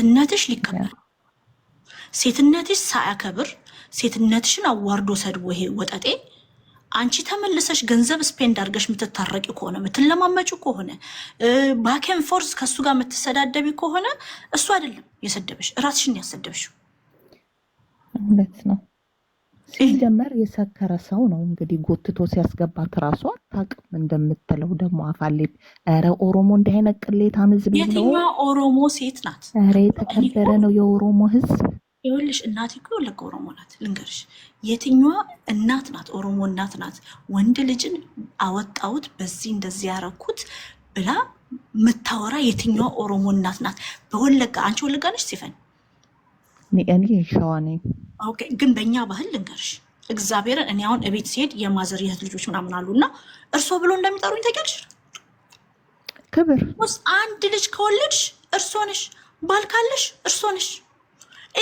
ሴትነትሽ ሊከበር ሴትነትሽ ሳያከብር ሴትነትሽን አዋርዶ ሰድቦ ይሄ ወጠጤ አንቺ ተመልሰሽ ገንዘብ ስፔንድ አድርገሽ የምትታረቂ ከሆነ የምትለማመጪ ከሆነ ባኬን ፎርስ ከእሱ ጋር የምትሰዳደቢ ከሆነ እሱ አይደለም የሰደበሽ፣ እራስሽን ያሰደብሽው ነው። ሲጀመር የሰከረ ሰው ነው እንግዲህ ጎትቶ ሲያስገባት ራሷ አታውቅም። እንደምትለው ደግሞ አፋሌት ረ ኦሮሞ እንዲህ አይነት ቅሌታም ኦሮሞ ሴት ናት? የተከበረ ነው የኦሮሞ ህዝብ። ይኸውልሽ እናቴ እኮ ለቅ ኦሮሞ ናት። ልንገርሽ የትኛዋ እናት ናት? ኦሮሞ እናት ናት ወንድ ልጅን አወጣሁት በዚህ እንደዚህ ያረኩት ብላ ምታወራ የትኛዋ ኦሮሞ እናት ናት? በወለጋ አንቺ ወለጋ ነች ሲፈን እኔ ሸዋ ነኝ። ኦኬ ግን በእኛ ባህል ልንገርሽ እግዚአብሔርን እኔ አሁን እቤት ሲሄድ የማዘር የእህት ልጆች ምናምን አሉ እና እርሶ ብሎ እንደሚጠሩኝ ተገልሽ ክብር ውስጥ አንድ ልጅ ከወለድሽ እርሶ ነሽ፣ ባል ካለሽ እርሶ ነሽ።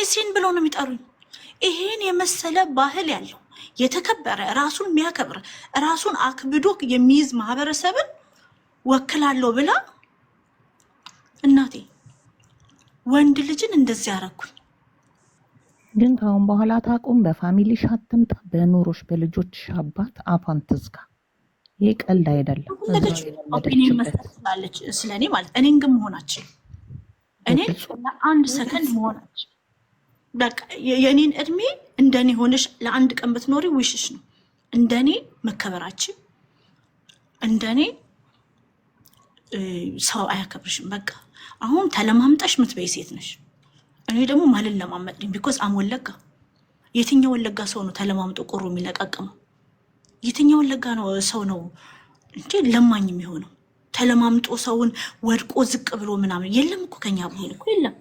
እሴን ብሎ ነው የሚጠሩኝ። ይሄን የመሰለ ባህል ያለው የተከበረ ራሱን የሚያከብር ራሱን አክብዶ የሚይዝ ማህበረሰብን ወክላለሁ ብላ እናቴ ወንድ ልጅን እንደዚህ ያረኩኝ። ግን ካሁን በኋላ ታቁም። በፋሚሊሽ አትምጣ፣ በኑሮሽ በልጆችሽ አባት አፏን ትዝጋ። ይህ ቀልድ አይደለም። ኦፒኒየን መስጠት ስለ እኔ ማለት እኔን ግን መሆናችን ለአንድ ሰከንድ መሆናችን በቃ የእኔን እድሜ እንደኔ ሆነሽ ለአንድ ቀን ብትኖሪ ውሽሽ ነው። እንደኔ መከበራችን እንደኔ ሰው አያከብርሽም። በቃ አሁን ተለማምጠሽ ምትበይ ሴት ነሽ። እኔ ደግሞ ማልን ለማመጥኝ ቢኮዝ አም ወለጋ የትኛው ወለጋ ሰው ነው ተለማምጦ ቆሮ የሚለቃቅመው? የትኛው ወለጋ ነው ሰው ነው እንጂ ለማኝ የሚሆነው ተለማምጦ ሰውን ወድቆ ዝቅ ብሎ ምናምን የለም እኮ ከኛ ብሄል እኮ የለም።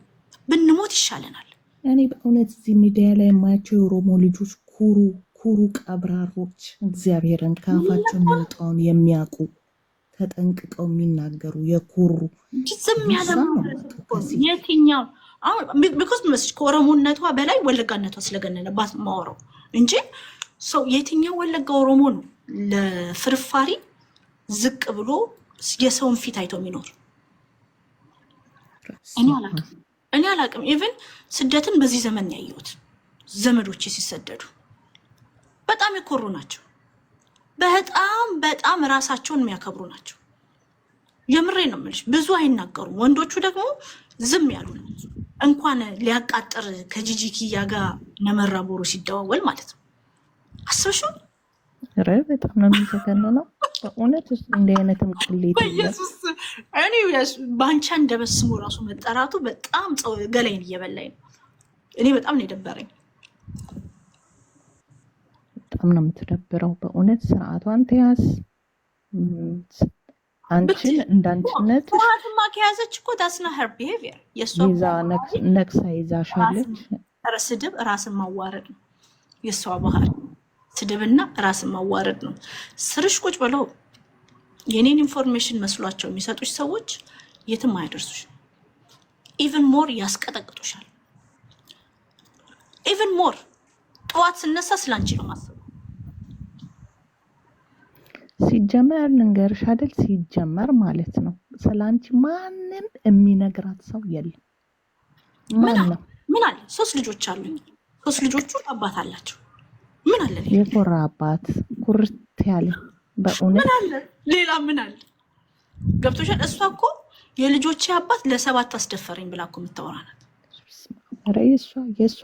ብንሞት ይሻለናል። እኔ በእውነት እዚህ ሚዲያ ላይ የማያቸው የኦሮሞ ልጆች ኩሩ ኩሩ ቀብራሮች፣ እግዚአብሔርን ከአፋቸው የሚወጣውን የሚያውቁ ተጠንቅቀው የሚናገሩ የኩሩ ዝም ያለ የትኛው ቢኮዝ መስች ከኦሮሞነቷ በላይ ወለጋነቷ ስለገነነባት ማወራው እንጂ ሰው የትኛው ወለጋ ኦሮሞ ነው ለፍርፋሪ ዝቅ ብሎ የሰውን ፊት አይቶ የሚኖር? እኔ አላቅም፣ እኔ አላቅም። ኢቨን ስደትን በዚህ ዘመን ያየሁት ዘመዶች ሲሰደዱ በጣም የኮሩ ናቸው። በጣም በጣም ራሳቸውን የሚያከብሩ ናቸው። የምሬ ነው የምልሽ። ብዙ አይናገሩም። ወንዶቹ ደግሞ ዝም ያሉ ነው። እንኳን ሊያቃጥር ከጂጂኪያ ጋር ነመራ ቦሮ ሲደዋወል ማለት ነው። አስበሽ በጣም ነው ነው በእውነት ውስጥ እንደ አይነትም ቅሌት ኢየሱስ እኔ በአንቻ እንደበስሙ ራሱ መጠራቱ በጣም ገላይን እየበላኝ ነው። እኔ በጣም ነው የደበረኝ። በጣም ነው የምትደብረው በእውነት። ስርዓቷን ተያዝ። አንቺን እንዳንቺነት ፍርሃትማ ከያዘች እኮ ዳስና ሄር ቢሄቪየር የሷዛ ነቅሳ ይዛሻለች። ስድብ ራስን ማዋረድ ነው የእሷ ባህል። ስድብና ራስን ማዋረድ ነው። ስርሽ ቁጭ ብለው የኔን ኢንፎርሜሽን መስሏቸው የሚሰጡች ሰዎች የትም አያደርሱሽ። ኢቨን ሞር ያስቀጠቅጡሻል። ኢቨን ሞር ጠዋት ስነሳ ስላንቺ ነው ማሰብ ሲጀመር ልንገርሽ አይደል ሲጀመር ማለት ነው ስለአንቺ ማንም የሚነግራት ሰው የለም። ምን አለ ሶስት ልጆች አሉ ሶስት ልጆቹ አባት አላቸው። ምን አለ የኮራ አባት ኩርት ያለ በእውነት ምን አለ ሌላ ምን አለ ገብቶሻል። እሷ እኮ የልጆቼ አባት ለሰባት አስደፈረኝ ብላ እኮ የምታወራ ናት። ኧረ የእሷ የእሷ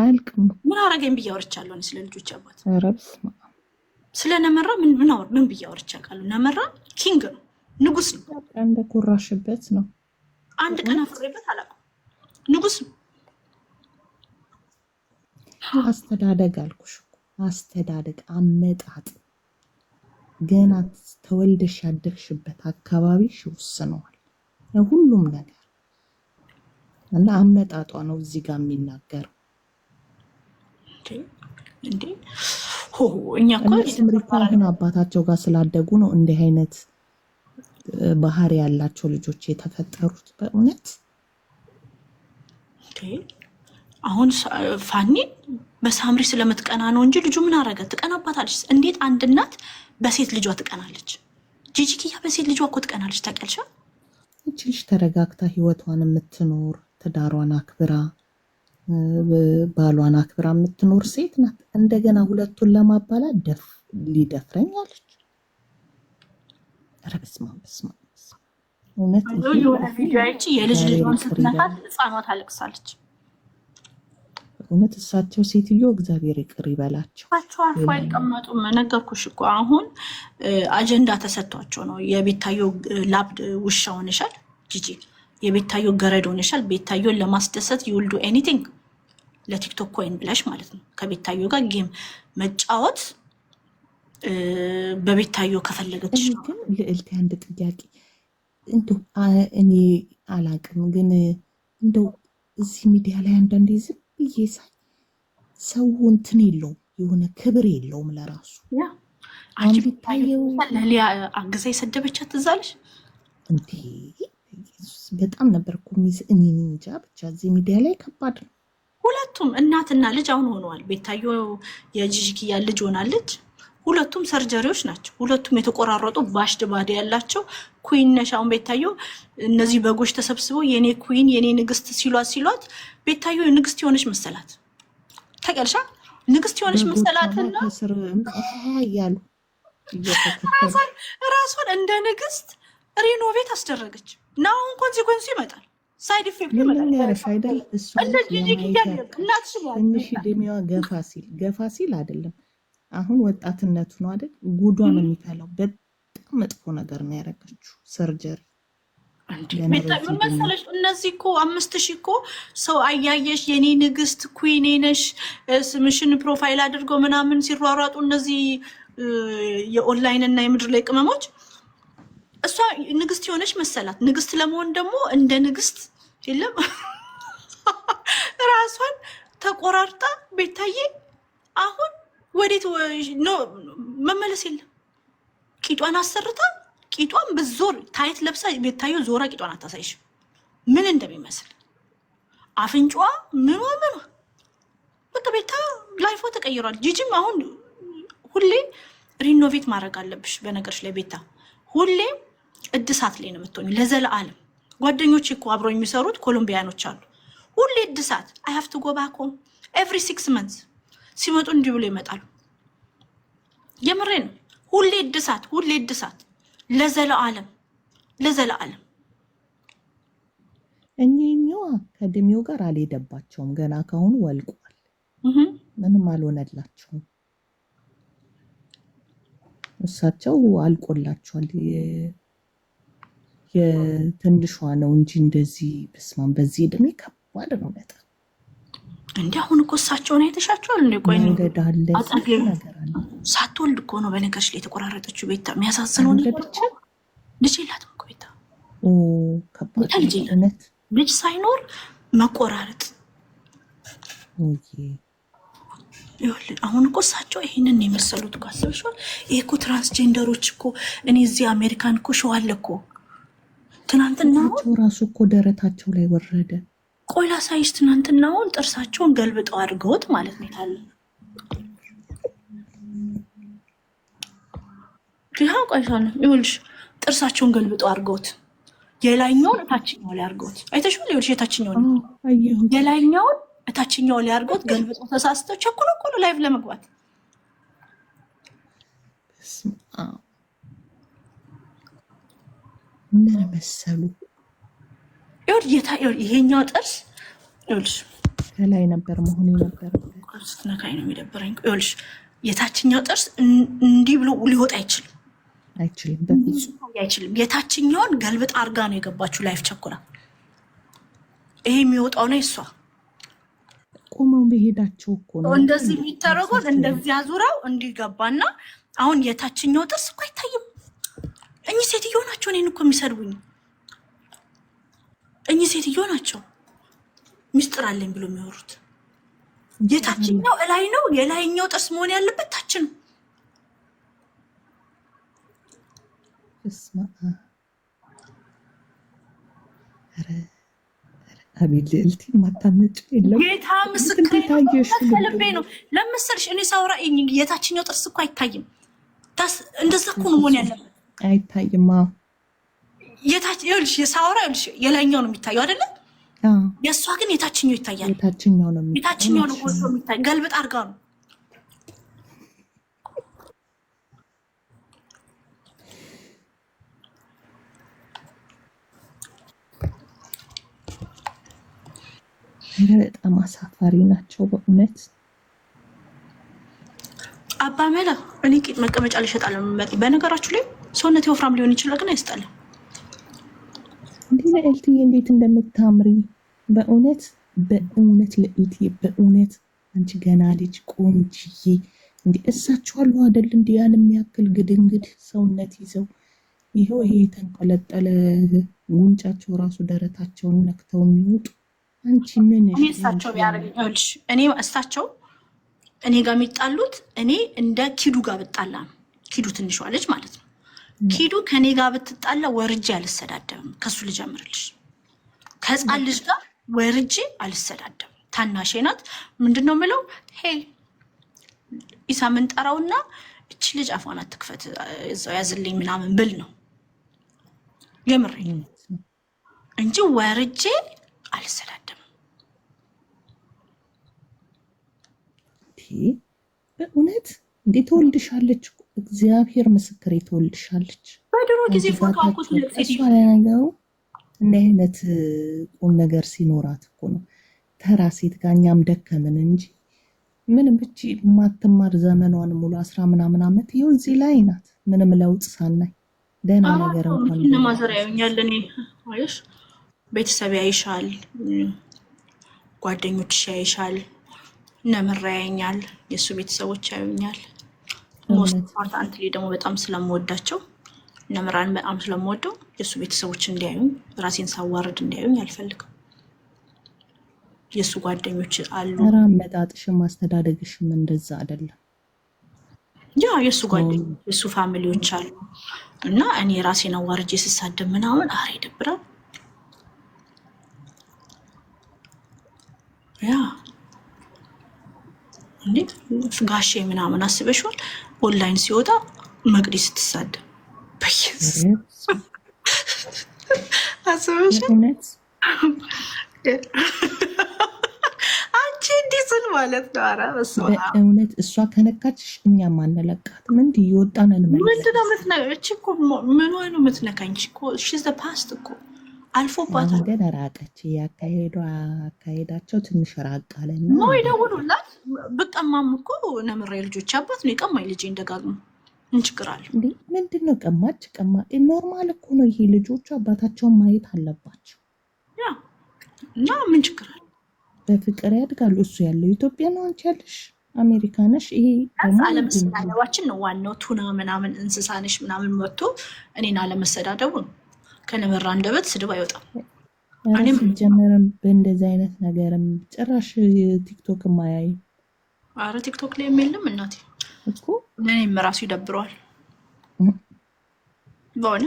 አያልቅም። ምን አረገኝ ብዬ አውርቻለሁ ስለ ልጆች አባት ረብስማ ስለ ነመራ ምን ምን ብዬ አውርቼ አውቃለሁ? ነመራ ኪንግ ነው፣ ንጉስ ነው። እንደኮራሽበት ነው። አንድ ቀን አፍሬበት አላውቅም። ንጉስ ነው። አስተዳደግ አልኩሽ፣ አስተዳደግ አመጣጥ ገና ተወልደሽ ያደግሽበት አካባቢሽ ይወስነዋል ሁሉም ነገር እና አመጣጧ ነው እዚህ ጋር የሚናገረው እንዴ እኛ አባታቸው ጋር ስላደጉ ነው እንዲህ አይነት ባህሪ ያላቸው ልጆች የተፈጠሩት። በእውነት አሁን ፋኒ በሳምሪ ስለምትቀና ነው እንጂ ልጁ ምን አረገ? ትቀናባታለች። እንዴት አንድ እናት በሴት ልጇ ትቀናለች? ጂጂኪያ በሴት ልጇ እኮ ትቀናለች። ታውቂያለሽ። እች ልጅ ተረጋግታ ህይወቷን የምትኖር ትዳሯን አክብራ ባሏን አክብራ የምትኖር ሴት ናት። እንደገና ሁለቱን ለማባላት ሊደፍረኝ አለች። ኧረ በስመ አብ በስመ አብ እውነት የልጅ ልጇን ስትነካት ሕፃኗ ታለቅሳለች። እውነት እሳቸው ሴትዮ እግዚአብሔር ይቅር ይበላቸው። እሳቸው አልፎ አይቀመጡም። ነገርኩሽ እኮ አሁን አጀንዳ ተሰጥቷቸው ነው። የቤታየው ላብድ ውሻ ሆነሻል ጂጂ የቤታዮ ገረድ ሆነሻል። ቤታዮን ለማስደሰት ዩልዱ ኤኒቲንግ ለቲክቶክ ኮይን ብለሽ ማለት ነው። ከቤታዮ ጋር ጌም መጫወት በቤታዮ ከፈለገች ልዕልት፣ አንድ ጥያቄ እንዶ እኔ አላቅም፣ ግን እንደው እዚህ ሚዲያ ላይ አንዳንዴ ዝም ብዬ ሳይ ሰው እንትን የለውም የሆነ ክብር የለውም ለራሱ አንቺ ለሊያ አግዛ የሰደበቻት ትዛለች እንዴ በጣም ነበር እኮ ሚስ እኔ እንጃ ብቻ እዚህ ሚዲያ ላይ ከባድ ነው። ሁለቱም እናትና ልጅ አሁን ሆነዋል። ቤታዮ የጂጂኪያ ልጅ ሆናለች። ሁለቱም ሰርጀሪዎች ናቸው። ሁለቱም የተቆራረጡ ባሽድ ባድ ያላቸው ኩዊን ነሽ። አሁን ቤታዮ እነዚህ በጎች ተሰብስበው የኔ ኩዊን የኔ ንግስት ሲሏት ሲሏት ቤታዮ ንግስት የሆነች መሰላት። ተቀልሻ ንግስት የሆነች መሰላትና ራሷን እንደ ንግስት ሪኖቬት አስደረገች። እና አሁን ኮንሲኮንሱ ይመጣል። ሳይድ ኢፌክት ትንሽ እድሜዋ ገፋ ሲል ገፋ ሲል አይደለም አሁን ወጣትነቱ ነው አይደል? ጉዷ ነው የሚፈለው። በጣም መጥፎ ነገር ነው ያደረገችው ሰርጀሪ መሰለሽ እነዚህ እኮ አምስት ሺህ እኮ ሰው አያየሽ የኔ ንግስት ኩዊኔ ነሽ ስምሽን ፕሮፋይል አድርገው ምናምን ሲሯሯጡ እነዚህ የኦንላይን እና የምድር ላይ ቅመሞች እሷ ንግስት የሆነች መሰላት። ንግስት ለመሆን ደግሞ እንደ ንግስት የለም ራሷን ተቆራርጣ ቤታዬ አሁን ወዴት መመለስ የለም። ቂጧን አሰርታ ቂጧን ብዞር ታይት ለብሳ ቤታዬ ዞራ ቂጧን አታሳይሽ ምን እንደሚመስል አፍንጫዋ ምኗ ምኗ በቃ ቤታ ላይፎ ተቀይሯል። ጂጂም አሁን ሁሌ ሪኖቬት ማድረግ አለብሽ። በነገሮች ላይ ቤታ ሁሌም እድሳት ላይ ነው የምትሆኝ ለዘለዓለም። ጓደኞች እኮ አብሮ የሚሰሩት ኮሎምቢያኖች አሉ። ሁሌ እድሳት አይሀፍት ጎባኮም ኤቭሪ ሲክስ መንት ሲመጡ እንዲህ ብሎ ይመጣሉ። የምሬ ነው። ሁሌ እድሳት፣ ሁሌ እድሳት ለዘለዓለም፣ ለዘለዓለም እኚህኛዋ ከእድሜው ጋር አልሄደባቸውም። ገና ካሁኑ ወልቋል። ምንም አልሆነላቸውም። እሳቸው አልቆላቸዋል። የትንሿ ነው እንጂ እንደዚህ ብስማን በዚህ እድሜ ከባድ ነው በጣም። እንዲ አሁን እኮ እሳቸውን አይተሻቸዋል። እንደ ቆይ ሳትወልድ እኮ ነው በነገርሽ ላይ የተቆራረጠችው። ቤታ የሚያሳዝነው ልጅ የላትም እኮ ቤታ ልጅ ሳይኖር መቆራረጥ። አሁን እኮ እሳቸው ይህንን የመሰሉት እኮ አስበሽዋል። ይህ እኮ ትራንስጀንደሮች እኮ እኔ እዚህ አሜሪካን እኮ ሸዋለ እኮ ትናንትናቸው ራሱ እኮ ደረታቸው ላይ ወረደ። ቆይ ላሳይሽ። ትናንትናውን ጥርሳቸውን ገልብጠው አድርገውት ማለት ነው። የታለ ይህ ቆይሳለ ይኸውልሽ ጥርሳቸውን ገልብጠው አድርገውት የላይኛውን እታችኛው ላይ አድርገውት አይተሽው። ይኸውልሽ የታችኛውን የላይኛውን እታችኛው ላይ አድርገውት ገልብጦ ተሳስተው ቸኩሎ እኮ ነው ላይቭ ለመግባት ምን መሰሉ ይሄኛው ጥርስ ከላይ ነበር መሆን ነበር። ስትነካኝ ነው የሚደብረኝ። ይኸውልሽ የታችኛው ጥርስ እንዲህ ብሎ ሊወጣ አይችልም፣ አይችልም፣ አይችልም። የታችኛውን ገልብጥ አርጋ ነው የገባችው። ላይፍ ቸኩላ ይሄ የሚወጣው ነው እሷ ቆመው መሄዳቸው እኮ ነው እንደዚህ የሚደረጉት። እንደዚያ ዙረው እንዲገባና አሁን የታችኛው ጥርስ እኮ አይታይም። እኚህ ሴትዮ ናቸው እኔን እኮ የሚሰድቡኝ። እኚህ ሴትዮ ናቸው ሚስጥር አለኝ ብሎ የሚወሩት። የታችኛው እላይ ነው፣ የላይኛው ጥርስ መሆን ያለበት ታች ነው። አቤት ማታመጭ ጌታ ምስክርልቤ ነው። ለምስልሽ እኔ ሳውራ የታችኛው ጥርስ እኮ አይታይም። እንደዛ እኮ ነው መሆን ያለበት አይታይማ። የታች ይኸውልሽ፣ የሳውራ ይኸውልሽ፣ የላይኛው ነው የሚታየው አይደለ? የእሷ ግን የታችኛው ይታያል። የታችኛው ነው የታችኛው ነው ጎልቶ የሚታይ ገልብጥ አድርጋ ነው በጣም አሳፋሪ ናቸው በእውነት። አባ መላ እኔ ቂጥ መቀመጫ ልሸጣለሁ መጥ በነገራችሁ ላይ ሰውነት ወፍራም ሊሆን ይችላል፣ ግን አያስጠላም። እንዲህ ልዕልትዬ እንዴት እንደምታምሪ በእውነት በእውነት ልዕልትዬ በእውነት አንቺ ገና ልጅ ቆንጅዬ፣ እንዲ እሳችሁ አሉ አደል? እንዲ ያን የሚያክል ግድንግድ ሰውነት ይዘው ይኸው ይሄ የተንጠለጠለ ጉንጫቸው ራሱ ደረታቸውን ነክተው የሚወጡ አንቺ ምን እሳቸው ቢያደርግ እኔ እሳቸው እኔ ጋር የሚጣሉት እኔ እንደ ኪዱ ጋር ብጣላ ነው። ኪዱ ልጅ ማለት ነው። ኪዱ ከእኔ ጋር ብትጣላ ወርጄ አልሰዳደብም። ከሱ ልጀምርልሽ። ከህፃን ልጅ ጋር ወርጄ አልሰዳደብም። ታናሼ ናት። ምንድን ነው የምለው? ሄይ ኢሳ ምንጠራውና እቺ ልጅ አፏን አትክፈት እዛው ያዝልኝ ምናምን ብል ነው የምሬ እንጂ ወርጄ አልሰዳደብም። በእውነት እንዴ ተወልድሻለች፣ እግዚአብሔር ምስክሬ ተወልድሻለች። በድሮ ጊዜ እሷ ያለው እንዲህ አይነት ቁም ነገር ሲኖራት እኮ ነው። ተራ ሴት ጋር እኛም ደከምን እንጂ ምንም ብቻ ማትማር ዘመኗን ሙሉ አስራ ምናምን ዓመት ይኸው እዚህ ላይ ናት። ምንም ለውጥ ሳናይ ደህና ነገር እንኳን ቤተሰብ ያይሻል፣ ጓደኞች ያይሻል ነምራ ያየኛል፣ የእሱ ቤተሰቦች ያዩኛል። ሞስት ኢምፖርታንትሊ ደግሞ በጣም ስለምወዳቸው ነምራን በጣም ስለምወደው የእሱ ቤተሰቦች እንዲያዩኝ፣ ራሴን ሳዋርድ እንዲያዩኝ አልፈልግም። የእሱ ጓደኞች አሉ። አመጣጥሽም አስተዳደግሽም እንደዛ አይደለም። ያ የእሱ ጓደኞች የእሱ ፋሚሊዎች አሉ እና እኔ ራሴን አዋርጄ ስሳደብ ምናምን አሬ ይደብራል ያ እንዴት ጋሼ ምናምን አስበሽዋል? ኦንላይን ሲወጣ መቅዲ ስትሳደብ አስበሽዋል? አንቺ እንዲህ ስል ማለት ነው። ኧረ በእውነት እሷ ከነካችሽ እኛም አንለቃትም። እንዲህ የወጣነን ምንድነው ምትነ እቺ እኮ ምኗ ነው የምትነካኝ? እኮ ሺዝ ፓስት እኮ አልፎባታል። ግን ራቀች። ያካሄዷ አካሄዳቸው ትንሽ ራቅ አለ ኖ ይደውሉላት። ብቀማም እኮ ነምሬ ልጆች አባት ነው የቀማኝ ልጅ እንደጋግሙ እንችግራል እንዴ? ምንድን ነው ቀማች? ቀማ ኖርማል እኮ ነው ይሄ። ልጆቹ አባታቸውን ማየት አለባቸው እና ምን ችግር አለ? በፍቅር ያድጋሉ። እሱ ያለው ኢትዮጵያ ነው፣ አንቺ ያለሽ አሜሪካ ነሽ። ይሄ አለመሰዳደባችን ነው ዋናው። ቱና ምናምን እንስሳ ነሽ ምናምን መጥቶ እኔን አለመሰዳደቡ ነው። ከነመራ አንደበት ስድብ አይወጣም። ጀመረም በእንደዚህ አይነት ነገርም ጭራሽ ቲክቶክ ማያይ አረ ቲክቶክ ላይ የሚልም እናቴ እኮ ለእኔም ራሱ ይደብረዋል በሆነ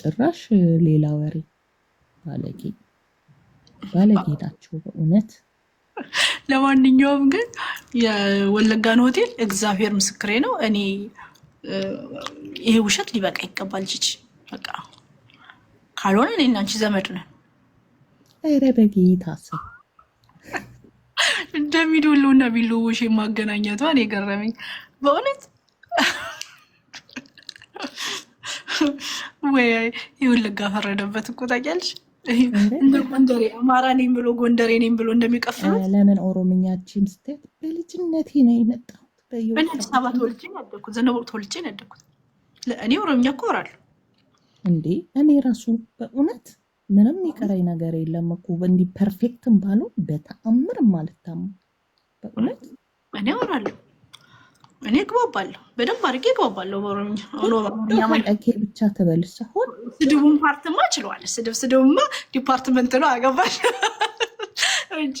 ጭራሽ ሌላ ወሬ ባለጌ ባለጌ ናቸው በእውነት። ለማንኛውም ግን የወለጋን ሆቴል እግዚአብሔር ምስክሬ ነው። እኔ ይሄ ውሸት ሊበቃ ይገባል ጅች በቃ ካልሆነ እኔ እና አንቺ ዘመድ ነን። ኧረ በጌታ ሰው እንደሚዶሎ እና ቢሎዎሽ የማገናኘቷን የገረመኝ በእውነት ወይ የወለጋ ፈረደበት እኮ ታውቂያለሽ። ጎንደሬ አማራ ነኝ ብሎ ጎንደሬ ነኝ ብሎ እንደሚቀፍሉት ለምን ኦሮምኛችን ስትሄድ በልጅነት ነው የመጣሁት። በአዲስ አበባ ተወልጄ ያደኩት፣ ዘነበ ተወልጄ ያደኩት። እኔ ኦሮምኛ እኮ እወራለሁ እንዴ እኔ ራሱ በእውነት ምንም የቀረኝ ነገር የለም እኮ እንዲህ ፐርፌክትም ባለው በተአምር ማለታም በእውነት እኔ አወራለሁ፣ እኔ እግባባለሁ፣ በደንብ አድርጌ እግባባለሁ። በኦሮምኛቄ ብቻ ትበል ሲሆን ስድቡን ፓርትማ ችለዋል። ስድብ ስድብማ ዲፓርትመንት ነው አገባል እንጂ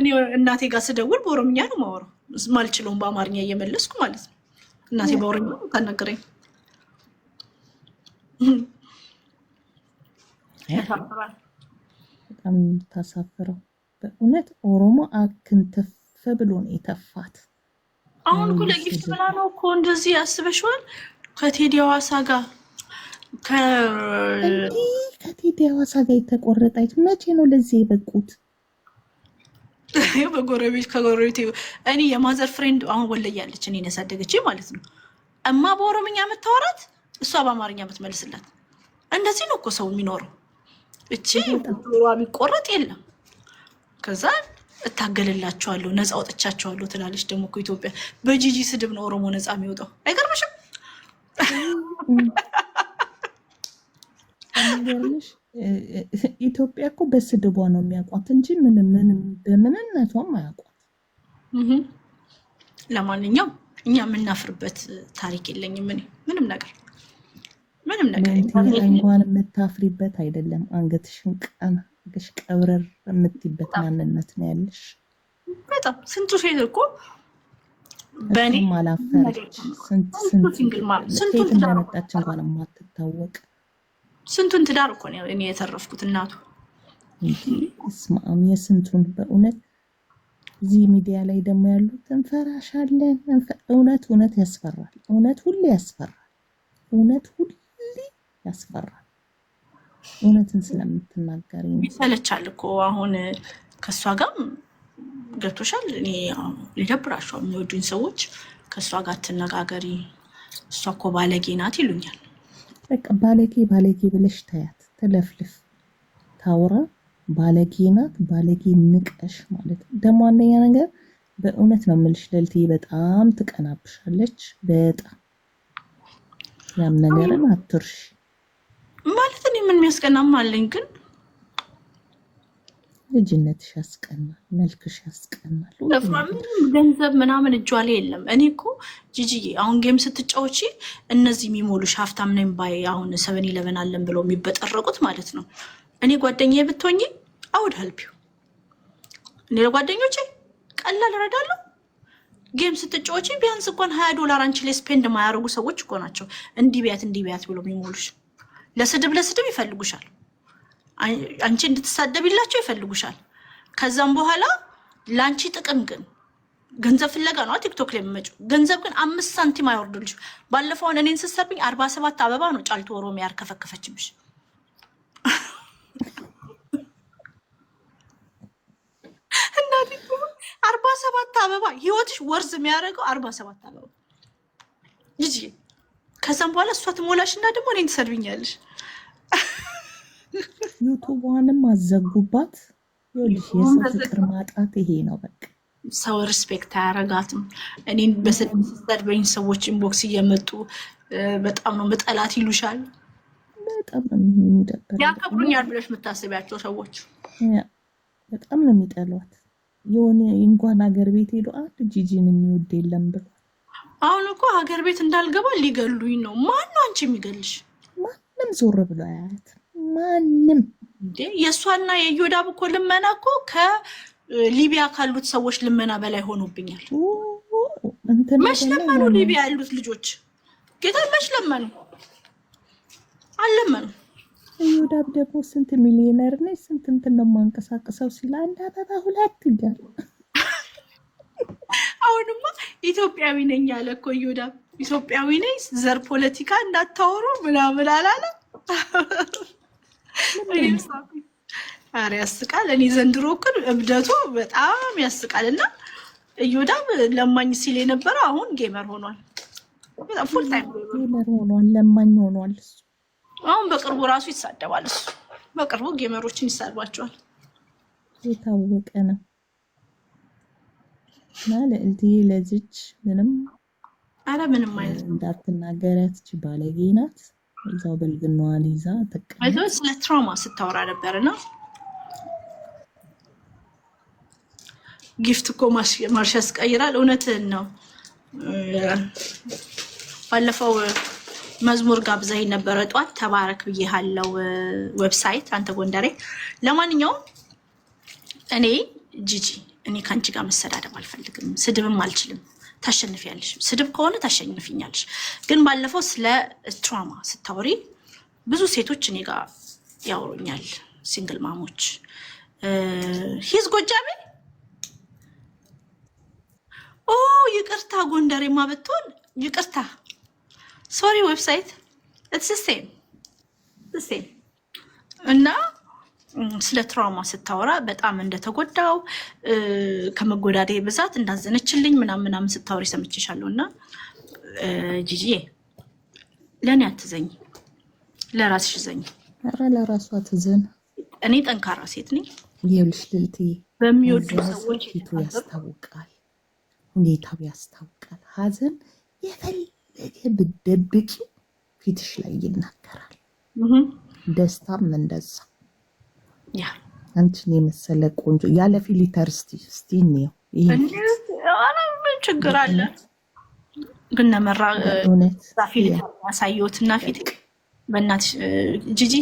እኔ እናቴ ጋር ስደውል በኦሮምኛ ነው የማወራው። ማልችለውን በአማርኛ እየመለስኩ ማለት ነው። እናቴ በኦሮምኛ ነው በጣም የምታሳፍረው በእውነት ኦሮሞ አክንተፍ ብሎ ነው የተፋት። አሁን እኮ ለጊፍት ብላ ነው እኮ እንደዚህ ያስበሽዋል። ከቴዲ ሐዋሳ ጋር ከቴዲ ሐዋሳ ጋር የተቆረጠች መቼ ነው ለዚህ የበቁት? በጎረቤት ከጎረቤት እኔ የማዘር ፍሬንድ አሁን ወለያለች እኔን ያሳደገች ማለት ነው። እማ በኦሮምኛ የምታወራት እሷ በአማርኛ የምትመልስላት እንደዚህ ነው እኮ ሰው የሚኖረው። እቺ ዶሯ የሚቆረጥ የለም። ከዛ እታገልላቸዋለሁ ነፃ ወጥቻቸዋለሁ ትላለች። ደግሞ ኢትዮጵያ በጂጂ ስድብ ነው ኦሮሞ ነፃ የሚወጣው አይገርምሽም? ኢትዮጵያ እኮ በስድቧ ነው የሚያውቋት እንጂ ምንም ምንም በምንነቷም አያውቋት። ለማንኛውም እኛ የምናፍርበት ታሪክ የለኝም እኔ ምንም ነገር ምንም ነገር እንኳን የምታፍሪበት አይደለም፣ አንገትሽን ቀና ቀብረር የምትይበት ማንነት ነው ያለሽ። በጣም ስንቱ ሴት እኮ በእኔ አላፈረች፣ ስንቱን እንኳን የማትታወቅ ስንቱን ትዳር እኮ እኔ የተረፍኩት። እናቱ ስማም የስንቱን በእውነት እዚህ ሚዲያ ላይ ደግሞ ያሉት እንፈራሻለን። እውነት እውነት ያስፈራል። እውነት ሁሌ ያስፈራል። እውነት ሁሌ ያስፈራል። እውነትን ስለምትናገር ይሰለቻል እኮ አሁን ከእሷ ጋር ገብቶሻል። እኔ ሊደብራቸው የሚወዱኝ ሰዎች ከእሷ ጋር ትነጋገሪ፣ እሷ እኮ ባለጌ ናት ይሉኛል። በቃ ባለጌ ባለጌ ብለሽ ታያት፣ ትለፍልፍ፣ ታውራ። ባለጌ ናት፣ ባለጌ ንቀሽ ማለት ነው። ደግሞ አንደኛ ነገር በእውነት ነው የምልሽ፣ ሉሊትዬ በጣም ትቀናብሻለች። በጣም ያም ነገርን አትርሽ። ማለት እኔ ምን የሚያስቀናም አለኝ? ግን ልጅነትሽ ያስቀናል፣ መልክሽ ያስቀናል። ገንዘብ ምናምን እጇ ላይ የለም። እኔ እኮ ጂጂዬ አሁን ጌም ስትጫወቺ እነዚህ የሚሞሉሽ ሀብታም ነኝ ባይ አሁን ሰበን ኢለቨን አለን ብለው የሚበጠረቁት ማለት ነው። እኔ ጓደኛዬ ብትሆኝ አውድ ሀልፒው እኔ ለጓደኞቼ ቀላል እረዳለሁ። ጌም ስትጫወቺ ቢያንስ እንኳን ሀያ ዶላር አንቺ ላይ ስፔንድ ማያደርጉ ሰዎች እኮ ናቸው እንዲህ ቢያት እንዲህ ቢያት ብሎ የሚሞሉሽ ለስድብ ለስድብ ይፈልጉሻል። አንቺ እንድትሳደብላቸው ይፈልጉሻል። ከዛም በኋላ ለአንቺ ጥቅም ግን ገንዘብ ፍለጋ ነው ቲክቶክ ላይ የሚመጩ። ገንዘብ ግን አምስት ሳንቲም አይወርድልሽ። ባለፈውን እኔን ስትሰርብኝ አርባ ሰባት አበባ ነው ጫልቶ ኦሮሚያ ያርከፈከፈችብሽ። እናቴ አርባ ሰባት አበባ ህይወትሽ ወርዝ የሚያደርገው አርባ ሰባት አበባ ልጅ ከዛም በኋላ እሷ ትሞላሽ እና ደግሞ እኔን ትሰድብኛለሽ። ዩቱቧንም አዘጉባት። ይኸውልሽ የሰው ፍቅር ማጣት ይሄ ነው በቃ። ሰው ሪስፔክት አያረጋትም። እኔን በሰድበኝ ሰዎች ኢንቦክስ እየመጡ በጣም ነው መጠላት ይሉሻል። በጣም ነው የሚደበር። ያከብሩኛል ብለሽ የምታስቢያቸው ሰዎች በጣም ነው የሚጠሏት። የሆነ እንኳን ሀገር ቤት ሄዶ አንድ ጂጂን የሚወድ የለም ብሏል። አሁን እኮ ሀገር ቤት እንዳልገባ ሊገሉኝ ነው። ማን ነው አንቺ የሚገልሽ? ማንም ዞር ብሎ አያት። ማንም እንዴ! የእሷና የዮዳብ እኮ ልመና እኮ ከሊቢያ ካሉት ሰዎች ልመና በላይ ሆኖብኛል። መች ለመኑ? ሊቢያ ያሉት ልጆች ጌታ መች ለመኑ? አልለመኑ። ዮዳብ ደግሞ ስንት ሚሊዮነር ነ ስንት እንትን ነው የማንቀሳቅሰው ሲል አንድ አበባ ሁለት እያለ አሁንማ ኢትዮጵያዊ ነኝ ያለ እኮ ይሁዳ ኢትዮጵያዊ ነኝ ዘር ፖለቲካ እንዳታወሩ ምናምን አላለ። ኧረ ያስቃል። እኔ ዘንድሮ እኩል እብደቱ በጣም ያስቃል። እና እዮዳ ለማኝ ሲል የነበረው አሁን ጌመር ሆኗል። ፉል ታይም ሆኗል፣ ለማኝ ሆኗል። አሁን በቅርቡ ራሱ ይሳደባል እሱ። በቅርቡ ጌመሮችን ይሳድባቸዋል። የታወቀ ነው። እና ልዕልት ለዚች ምንም አረ ምንም አይነት ባለጌ ናት። እዛው በልግናዋን ይዛ ስለ ትራውማ ስታወራ ነበር ጊፍት እኮ ማርሽ ያስቀይራል። እውነትህን ነው። ባለፈው መዝሙር ጋብዘኸኝ ነበረ ጠዋት ተባረክ ብዬ ለው ዌብሳይት አንተ ጎንደሬ። ለማንኛውም እኔ ጂጂ እኔ ከአንቺ ጋር መሰዳደብ አልፈልግም፣ ስድብም አልችልም። ታሸንፊያለሽ፣ ስድብ ከሆነ ታሸንፊኛለሽ። ግን ባለፈው ስለ ትራማ ስታወሪ ብዙ ሴቶች እኔ ጋር ያወሩኛል፣ ሲንግል ማሞች ሂዝ ጎጃሜ ኦ ይቅርታ፣ ጎንደሬማ ብትሆን ይቅርታ፣ ሶሪ ዌብሳይት እና ስለ ትራውማ ስታወራ በጣም እንደተጎዳው ከመጎዳዴ ብዛት እንዳዘነችልኝ ምናምን ምናምን ስታወሪ ሰምቼሻለሁ። እና ጂጂዬ ለእኔ አትዘኝ፣ ለራስሽ ዘኝ። ኧረ ለራሱ አትዘን። እኔ ጠንካራ ሴት ነኝ። ይኸውልሽ ልልት በሚወዱ ሰዎች ያስታውቃል፣ ሁኔታው ያስታውቃል። ሀዘን የፈለገ ብደብቂ ፊትሽ ላይ ይናገራል። ደስታም እንደዛ አንቺን የመሰለ ቆንጆ ያለ ፊሊተር ስቲ ስቲ ነው። ምን ችግር አለ? ግን ነመራ ፊሊተር ያሳየሁት እና ፊት በእናትሽ ጂጂ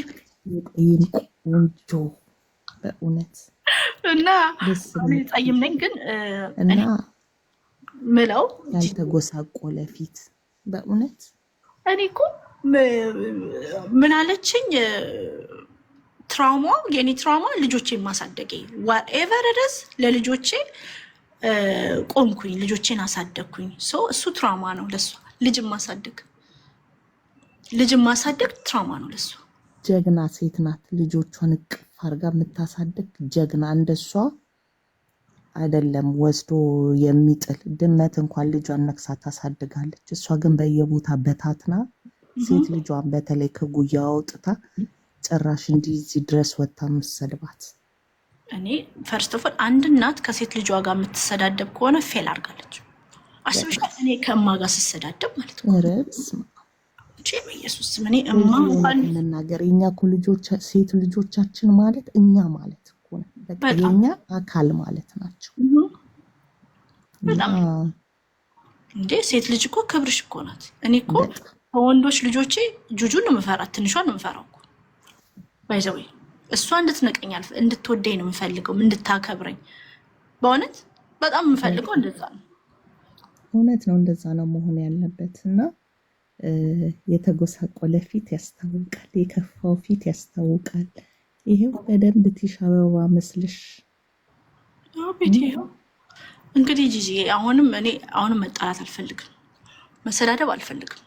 ቆንጆ በእውነት እና ጸይም ነኝ ግን እና ምለው ያልተጎሳቆለ ፊት በእውነት እኔ እኮ ምን አለችኝ ትራማ የኔ ትራውማ ልጆቼን ማሳደጌ ዋትኤቨር ረስ ለልጆቼ ቆምኩኝ፣ ልጆቼን አሳደግኩኝ። እሱ ትራውማ ነው ለሷ ልጅ ማሳደግ ልጅ ማሳደግ ትራውማ ነው ለሷ። ጀግና ሴት ናት፣ ልጆቿን እቅፍ አርጋ የምታሳደግ ጀግና። እንደሷ አይደለም ወስዶ የሚጥል ድመት እንኳን ልጇን ነክሳ ታሳድጋለች። እሷ ግን በየቦታ በታትና ሴት ልጇን በተለይ ከጉያ አውጥታ ጭራሽ እንዲህ ድረስ ወታ የምትሰድባት እኔ ፈርስት ኦፍ ኦል አንድ እናት ከሴት ልጇ ጋር የምትሰዳደብ ከሆነ ፌል አድርጋለች። አስብሻል። እኔ ከእማ ጋር ስሰዳደብ ማለት ነው። በኢየሱስ የኛ ሴት ልጆቻችን ማለት እኛ ማለት እኮ የኛ አካል ማለት ናቸው። እንዴ ሴት ልጅ እኮ ክብርሽ እኮ ናት። እኔ እኮ ከወንዶች ልጆቼ ጁጁን ነው የምፈራት፣ ትንሿን ነው የምፈራው። ባይዘዊ እሷ እንድትነቀኝ እንድትወደኝ ነው የምፈልገው፣ እንድታከብረኝ በእውነት በጣም የምፈልገው እንደዛ ነው። እውነት ነው፣ እንደዛ ነው መሆን ያለበት እና የተጎሳቆለ ፊት ያስታውቃል፣ የከፋው ፊት ያስታውቃል። ይሄው በደንብ ቲሽ አበባ መስልሽ እንግዲህ ጂጂ፣ አሁንም እኔ አሁንም መጣላት አልፈልግም፣ መሰዳደብ አልፈልግም።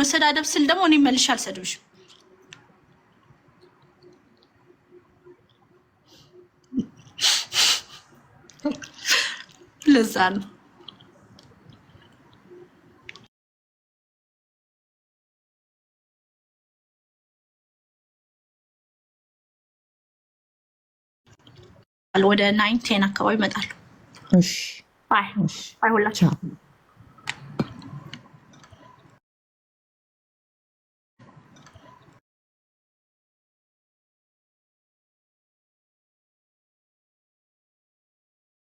መሰዳደብ ስል ደግሞ እኔ መልሼ አልሰድብሽም ለዛ ነው። ወደ ናይን ቴን አካባቢ ይመጣሉ። ባይ ሁላችሁ